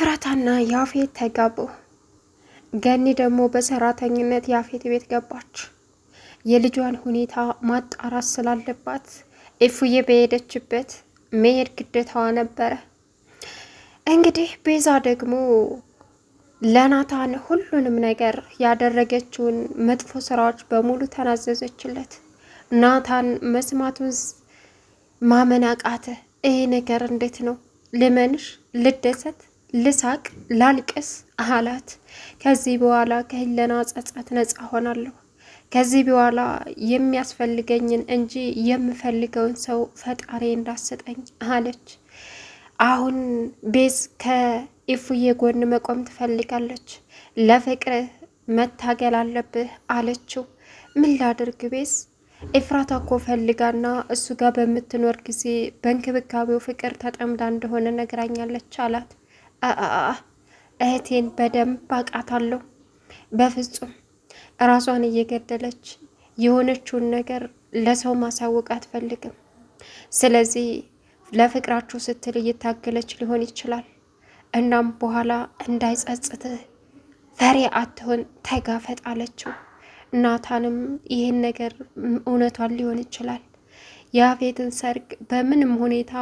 ኤፍራታና ያፌት ተጋቡ። ገኒ ደግሞ በሰራተኝነት ያፌት ቤት ገባች። የልጇን ሁኔታ ማጣራት ስላለባት እፉዬ በሄደችበት መሄድ ግዴታዋ ነበረ። እንግዲህ ቤዛ ደግሞ ለናታን ሁሉንም ነገር ያደረገችውን መጥፎ ስራዎች በሙሉ ተናዘዘችለት። ናታን መስማቱን ማመን አቃተ። ይሄ ነገር እንዴት ነው? ልመንሽ? ልደሰት? ልሳቅ ላልቅስ አላት። ከዚህ በኋላ ከህሊና ጸጸት ነጻ ሆናለሁ። ከዚህ በኋላ የሚያስፈልገኝን እንጂ የምፈልገውን ሰው ፈጣሪ እንዳሰጠኝ አለች። አሁን ቤዝ ከኢፉዬ ጎን መቆም ትፈልጋለች። ለፍቅር መታገል አለብህ አለችው። ምን ላድርግ ቤዝ ኤፍራታ እኮ ፈልጋና እሱ ጋር በምትኖር ጊዜ በእንክብካቤው ፍቅር ተጠምዳ እንደሆነ ነግራኛለች አላት። እህቴን በደንብ አውቃታለሁ። በፍጹም ራሷን እየገደለች የሆነችውን ነገር ለሰው ማሳወቅ አትፈልግም። ስለዚህ ለፍቅራችሁ ስትል እየታገለች ሊሆን ይችላል። እናም በኋላ እንዳይጸጽትህ ፈሪ አትሆን፣ ተጋፈጥ አለችው። ናታንም ይህን ነገር እውነቷን ሊሆን ይችላል። የአፌትን ሰርግ በምንም ሁኔታ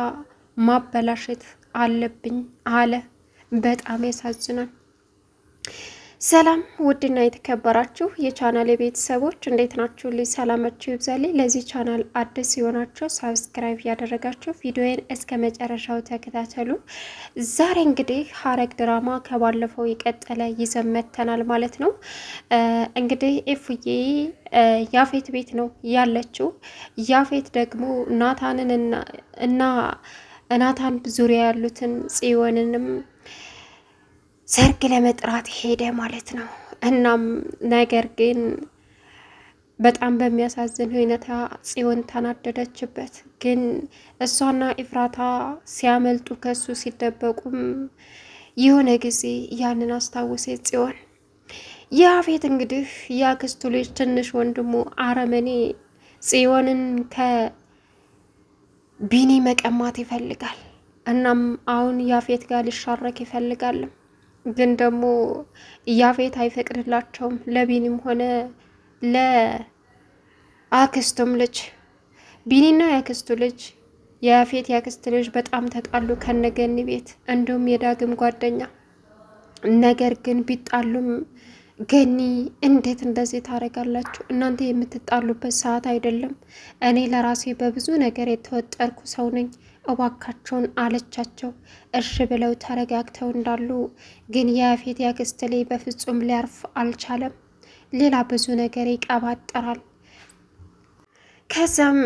ማበላሸት አለብኝ አለ። በጣም ያሳዝናል። ሰላም ውድና የተከበራችሁ የቻናል የቤተሰቦች እንዴት ናችሁ? ልጅ ሰላማችሁ ይብዛልኝ። ለዚህ ቻናል አዲስ የሆናችሁ ሳብስክራይብ ያደረጋችሁ ቪዲዮዬን እስከ መጨረሻው ተከታተሉ። ዛሬ እንግዲህ ሐረግ ድራማ ከባለፈው የቀጠለ ይዘን መጥተናል ማለት ነው። እንግዲህ ኤፉዬ ያፌት ቤት ነው ያለችው። ያፌት ደግሞ ናታንን እና እናታን ዙሪያ ያሉትን ጽዮንንም ሰርግ ለመጥራት ሄደ ማለት ነው። እናም ነገር ግን በጣም በሚያሳዝን ሁኔታ ጽዮን ተናደደችበት። ግን እሷና ኢፍራታ ሲያመልጡ ከሱ ሲደበቁም የሆነ ጊዜ ያንን አስታወሰ ጽዮን። ያፌት እንግዲህ ያክስቱ ልጅ ትንሽ ወንድሙ አረመኔ ጽዮንን ቢኒ መቀማት ይፈልጋል። እናም አሁን ያፌት ጋር ሊሻረክ ይፈልጋል ግን ደግሞ ያፌት አይፈቅድላቸውም። ለቢኒም ሆነ ለአክስቱም ልጅ ቢኒና የአክስቱ ልጅ የያፌት የአክስት ልጅ በጣም ተጣሉ ከነገኒ ቤት እንዲሁም የዳግም ጓደኛ ነገር ግን ቢጣሉም ገኒ እንዴት እንደዚህ ታደርጋላችሁ? እናንተ የምትጣሉበት ሰዓት አይደለም። እኔ ለራሴ በብዙ ነገር የተወጠርኩ ሰው ነኝ፣ እባካቸውን አለቻቸው። እሽ ብለው ተረጋግተው እንዳሉ ግን የፊት ያክስት ላይ በፍጹም ሊያርፍ አልቻለም። ሌላ ብዙ ነገር ይቀባጠራል። ከዛም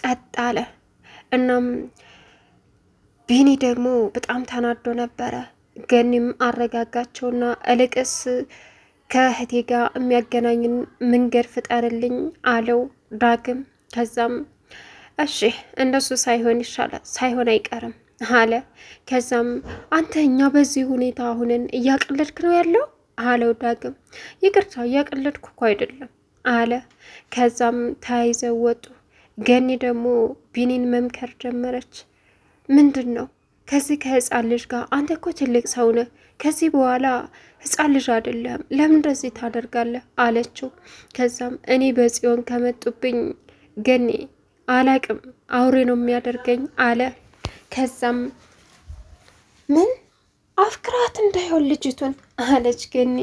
ጸጥ አለ። እናም ቢኒ ደግሞ በጣም ተናዶ ነበረ። ገኒም አረጋጋቸውና እልቅስ ከእህቴ ጋር የሚያገናኝን መንገድ ፍጠርልኝ አለው ዳግም። ከዛም እሺ እንደሱ ሳይሆን ይሻላል ሳይሆን አይቀርም አለ። ከዛም አንተ እኛ በዚህ ሁኔታ አሁንን እያቀለድክ ነው ያለው አለው ዳግም። ይቅርታ እያቀለድኩ እኮ አይደለም አለ። ከዛም ተያይዘው ወጡ። ገኒ ደግሞ ቢኒን መምከር ጀመረች። ምንድን ነው ከዚህ ከህፃን ልጅ ጋር አንተ እኮ ትልቅ ሰው ነህ፣ ከዚህ በኋላ ህፃን ልጅ አይደለም፣ ለምን እንደዚህ ታደርጋለህ? አለችው። ከዛም እኔ በጽዮን ከመጡብኝ ገኔ አላቅም፣ አውሬ ነው የሚያደርገኝ አለ። ከዛም ምን አፍቅራት እንዳይሆን ልጅቱን አለች ገኔ።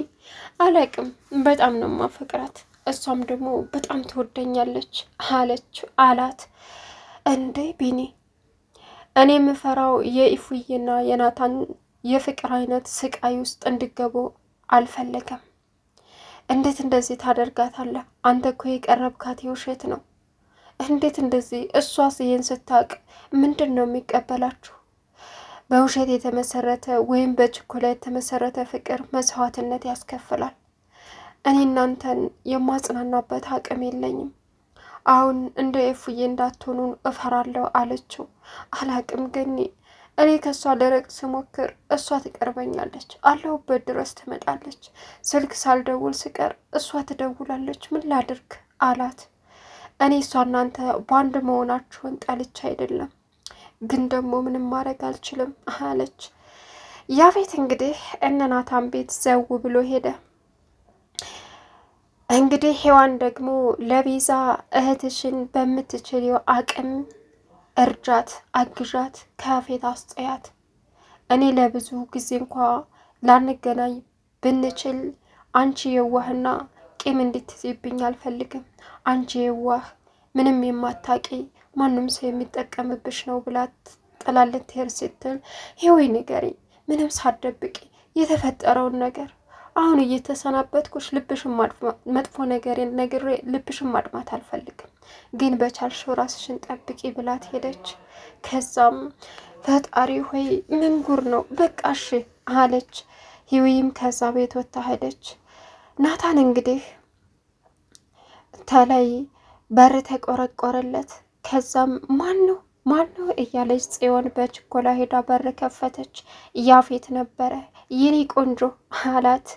አላቅም፣ በጣም ነው ማፈቅራት፣ እሷም ደግሞ በጣም ትወደኛለች አለች አላት። እንዴ ቢኔ እኔ የምፈራው የኢፉዬና የናታን የፍቅር አይነት ስቃይ ውስጥ እንዲገቡ አልፈለገም። እንዴት እንደዚህ ታደርጋታለህ? አንተ እኮ የቀረብካት የውሸት ነው። እንዴት እንደዚህ? እሷስ ይህን ስታውቅ ምንድን ነው የሚቀበላችሁ? በውሸት የተመሰረተ ወይም በችኮላ የተመሰረተ ፍቅር መስዋዕትነት ያስከፍላል። እኔ እናንተን የማጽናናበት አቅም የለኝም። አሁን እንደ ኤፉዬ እንዳትሆኑ እፈራለሁ አለችው። አላቅም ገኒ፣ እኔ ከእሷ ደረቅ ስሞክር እሷ ትቀርበኛለች፣ አለሁበት ድረስ ትመጣለች። ስልክ ሳልደውል ስቀር እሷ ትደውላለች። ምን ላድርግ አላት። እኔ እሷ እናንተ በአንድ መሆናችሁን ጠልቼ አይደለም፣ ግን ደግሞ ምንም ማድረግ አልችልም አለች። ያፌት እንግዲህ እነ ናታን ቤት ዘው ብሎ ሄደ። እንግዲህ ሔዋን ደግሞ ለቤዛ እህትሽን በምትችልው አቅም እርጃት፣ አግዣት፣ ከፌት አስጠያት። እኔ ለብዙ ጊዜ እንኳ ላንገናኝ ብንችል አንቺ የዋህና ቂም እንድትይዝብኝ አልፈልግም። አንቺ የዋህ ምንም የማታቂ ማንም ሰው የሚጠቀምብሽ ነው ብላት ጥላለት ሄር ስትል ሄወይ ንገሪ፣ ምንም ሳደብቂ የተፈጠረውን ነገር አሁን እየተሰናበትኩሽ ልብሽን መጥፎ ነገር ነግሬ ልብሽን ማድማት አልፈልግም፣ ግን በቻልሽው ራስሽን ጠብቂ ብላት ሄደች። ከዛም ፈጣሪ ሆይ ምን ጉር ነው በቃሽ አለች። ህይወይም ከዛ ቤት ወታ ሄደች። ናታን እንግዲህ ተላይ በር ተቆረቆረለት። ከዛም ማን ነው ማን ነው እያለች ጽዮን በችኮላ ሄዳ በር ከፈተች። ያፌት ነበረ። የኔ ቆንጆ አላት።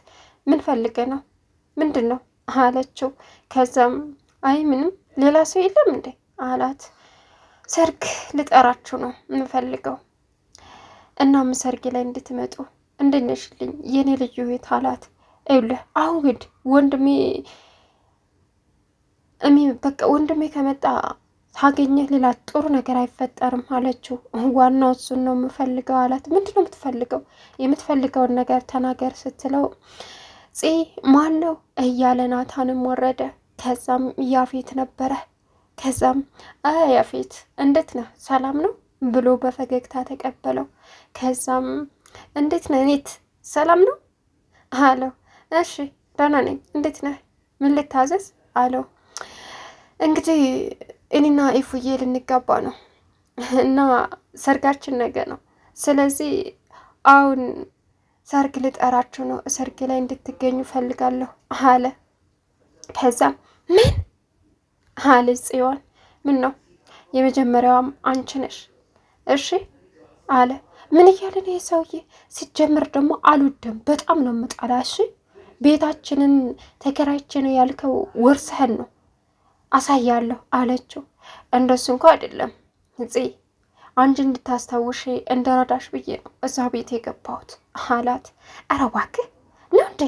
ምን ፈልገ ነው? ምንድን ነው አለችው። ከዛም አይ ምንም፣ ሌላ ሰው የለም እንዴ አላት። ሰርግ ልጠራችሁ ነው የምፈልገው፣ እናም ሰርግ ላይ እንድትመጡ እንድንሽልኝ የኔ ልዩ ቤት አላት። ይኸውልህ አሁን ግድ ወንድሜ እሚ በቃ ወንድሜ ከመጣ ታገኘህ ሌላ ጥሩ ነገር አይፈጠርም አለችው። ዋናው እሱን ነው የምፈልገው አላት። ምንድን ነው የምትፈልገው? የምትፈልገውን ነገር ተናገር ስትለው ፄ ማን ነው እያለ ናታንም ወረደ። ከዛም ያፌት ነበረ። ከዛም ያፌት እንዴት ነህ ሰላም ነው ብሎ በፈገግታ ተቀበለው። ከዛም እንዴት ነህ እኔት ሰላም ነው አለው። እሺ ደህና ነኝ እንዴት ነህ ምን ልታዘዝ አለው። እንግዲህ እኔና ኢፉዬ ልንጋባ ነው እና ሰርጋችን ነገ ነው። ስለዚህ አሁን ሰርግ ልጠራችሁ ነው፣ ሰርግ ላይ እንድትገኙ ፈልጋለሁ አለ። ከዛም ምን አለ ጽዮን፣ ምን ነው የመጀመሪያዋም አንቺ ነሽ እሺ አለ። ምን እያለ ነው የሰውዬ? ሲጀምር ደግሞ አልወደም፣ በጣም ነው የምጠላ። እሺ ቤታችንን ተከራይቼ ነው ያልከው ወርሰህን ነው አሳያለሁ አለችው። እንደሱ እንኳ አይደለም እጽ አንቺ እንድታስታውሽ እንደረዳሽ ብዬ ነው እዛ ቤት የገባሁት አላት። ኧረ እባክህ ነው እንዴ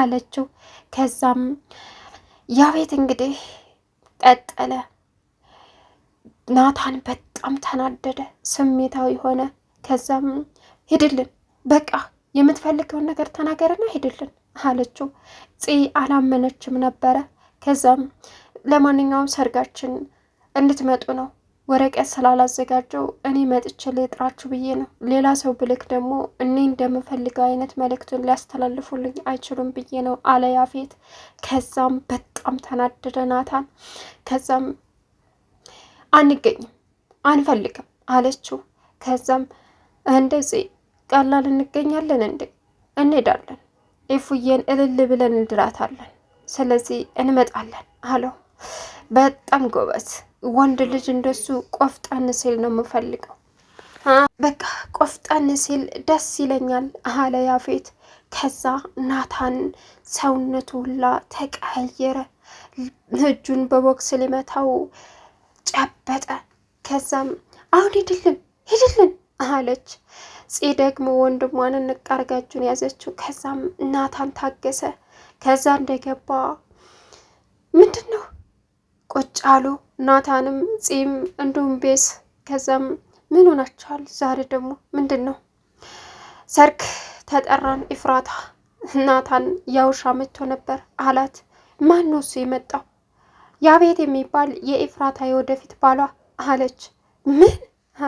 አለችው። ከዛም ያ ቤት እንግዲህ ቀጠለ። ናታን በጣም ተናደደ፣ ስሜታዊ ሆነ። ከዛም ሂድልን በቃ የምትፈልገውን ነገር ተናገርና ሂድልን አለችው። ፅ አላመነችም ነበረ። ከዛም ለማንኛውም ሰርጋችን እንድትመጡ ነው። ወረቀት ስላላዘጋጀው እኔ መጥቼ ልጥራችሁ ብዬ ነው። ሌላ ሰው ብልክ ደግሞ እኔ እንደምፈልገው አይነት መልእክቱን ሊያስተላልፉልኝ አይችሉም ብዬ ነው አለ ያፌት። ከዛም በጣም ተናደደ ናታን። ከዛም አንገኝም፣ አንፈልግም አለችው። ከዛም እንደዚህ ቀላል እንገኛለን እንዴ? እንሄዳለን፣ ኢፉዬን እልል ብለን እንድራታለን፣ ስለዚህ እንመጣለን አለው። በጣም ጎበዝ ወንድ ልጅ እንደሱ ቆፍጣን ሲል ነው የምፈልገው። በቃ ቆፍጣን ሲል ደስ ይለኛል አለ ያፌት። ከዛ ናታን ሰውነቱ ሁላ ተቀያየረ። እጁን በቦክስ ሊመታው ጨበጠ። ከዛም አሁን ሂድልን ሂድልን አለች። ጽ ደግሞ ወንድሟን እንቃርጋጁን ያዘችው። ከዛም ናታን ታገሰ። ከዛ እንደገባ ምንድን ነው ቁጭ አሉ። ናታንም ጺም እንዲሁም ቤስ ከዛም ምን ሆናችኋል? ዛሬ ደግሞ ምንድን ነው ሰርክ ተጠራን ኢፍራታ ናታን ያውሻ መጥቶ ነበር አላት። ማን ነው እሱ የመጣው? ያቤት የሚባል የኢፍራታ የወደፊት ባሏ አለች። ምን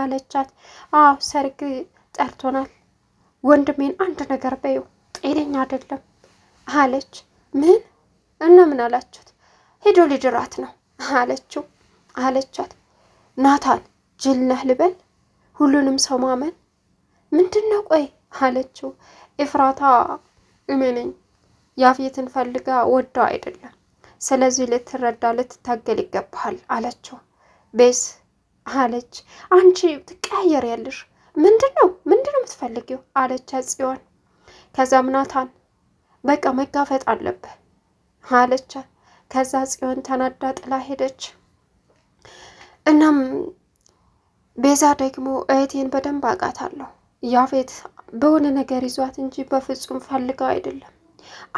አለቻት? አዎ ሰርግ ጠርቶናል። ወንድሜን አንድ ነገር በይው፣ ጤነኛ አይደለም አለች። ምን እና ምን አላችሁት? ሄዶ ሊድራት ነው አለችው አለቻት። ናታን ጅል ነህ ልበል? ሁሉንም ሰው ማመን ምንድን ነው? ቆይ አለችው። ኤፍራታ እመነኝ፣ ያፌትን ፈልጋ ወዳ አይደለም። ስለዚህ ልትረዳ ልትታገል ይገባሃል አለችው። ቤስ አለች። አንቺ ትቀያየር ያለሽ ምንድን ነው ምንድን ነው የምትፈልጊው? አለች ጽዮን። ከዛም ናታን በቃ መጋፈጥ አለብህ አለቻት። ከዛ ጽዮን ተናዳ ጥላ ሄደች። እናም ቤዛ ደግሞ እህቴን በደንብ አውቃታለሁ። ያፌት በሆነ ነገር ይዟት እንጂ በፍጹም ፈልገው አይደለም።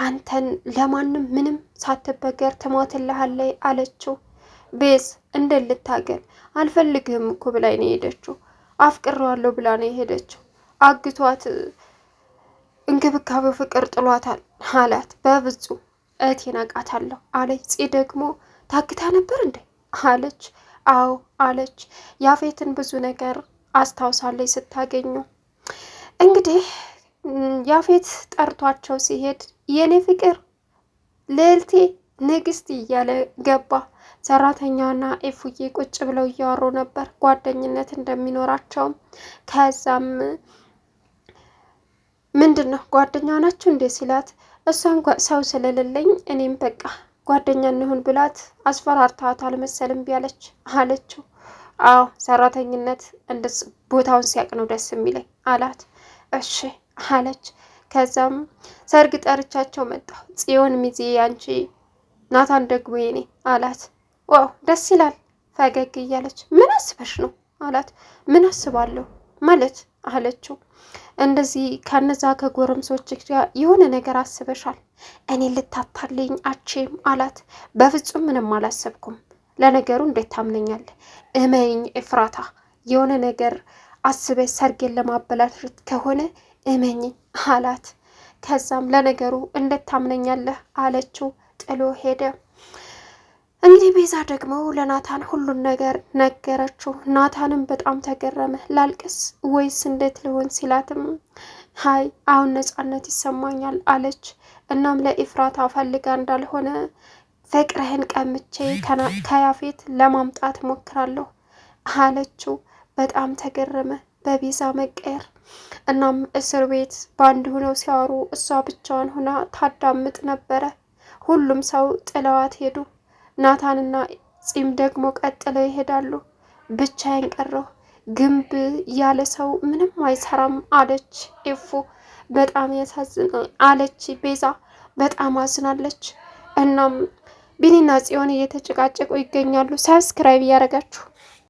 አንተን ለማንም ምንም ሳትበገር ትሞትልሃለይ አለችው። ቤዝ እንደት ልታገል አልፈልግህም እኮ ብላኝ ነው የሄደችው። አፍቅሬዋለሁ ብላ ነው የሄደችው። አግቷት እንክብካቤው ፍቅር ጥሏታል አላት። በፍጹም እህቴን አውቃታለሁ አለች። ጽ ደግሞ ታግታ ነበር እንዴ አለች። አዎ አለች። ያፌትን ብዙ ነገር አስታውሳለች ስታገኙ። እንግዲህ ያፌት ጠርቷቸው ሲሄድ የኔ ፍቅር ልዕልቴ ንግስት እያለ ገባ። ሰራተኛና ኤፉዬ ቁጭ ብለው እያወሩ ነበር ጓደኝነት እንደሚኖራቸውም። ከዛም ምንድን ነው ጓደኛ ናችሁ እንዴ ሲላት እሷ እንኳ ሰው ስለሌለኝ እኔም በቃ ጓደኛ እንሁን ብላት አስፈራርታት አልመሰልም ቢያለች አለችው። አዎ ሰራተኝነት እንደ ቦታውን ሲያቅ ነው ደስ የሚለኝ አላት። እሺ አለች። ከዛም ሰርግ ጠርቻቸው መጣሁ። ጽዮን ሚዜ ያንቺ፣ ናታን ደግሞ የኔ አላት። ዋው ደስ ይላል ፈገግ እያለች ምን አስበሽ ነው አላት። ምን አስባለሁ ማለት አለችው። እንደዚህ ከነዛ ከጎረምሶች ጋር የሆነ ነገር አስበሻል? እኔ ልታታልኝ አቼም አላት። በፍጹም ምንም አላሰብኩም። ለነገሩ እንዴት ታምነኛለህ? እመኝ እፍራታ የሆነ ነገር አስበ ሰርጌን ለማበላሸት ከሆነ እመኝ አላት። ከዛም ለነገሩ እንዴት ታምነኛለህ አለችው። ጥሎ ሄደ። እንግዲህ ቤዛ ደግሞ ለናታን ሁሉን ነገር ነገረችው። ናታንም በጣም ተገረመ። ላልቅስ ወይስ እንዴት ልሆን ሲላትም ሀይ አሁን ነጻነት ይሰማኛል አለች። እናም ለኢፍራታ ፈልጋ እንዳልሆነ ፍቅርህን ቀምቼ ከያፌት ለማምጣት ሞክራለሁ አለችው። በጣም ተገረመ በቤዛ መቀየር። እናም እስር ቤት በአንድ ሆነው ሲያወሩ እሷ ብቻዋን ሆና ታዳምጥ ነበረ። ሁሉም ሰው ጥለዋት ሄዱ። ናታንና ፂም ደግሞ ቀጥለው ይሄዳሉ። ብቻዬን ቀረሁ፣ ግንብ ያለ ሰው ምንም አይሰራም አለች ኤፉ። በጣም ያሳዝናል አለች ቤዛ። በጣም አዝናለች። እናም ቢኒና ጽዮን እየተጨቃጨቁ ይገኛሉ። ሰብስክራይብ እያደረጋችሁ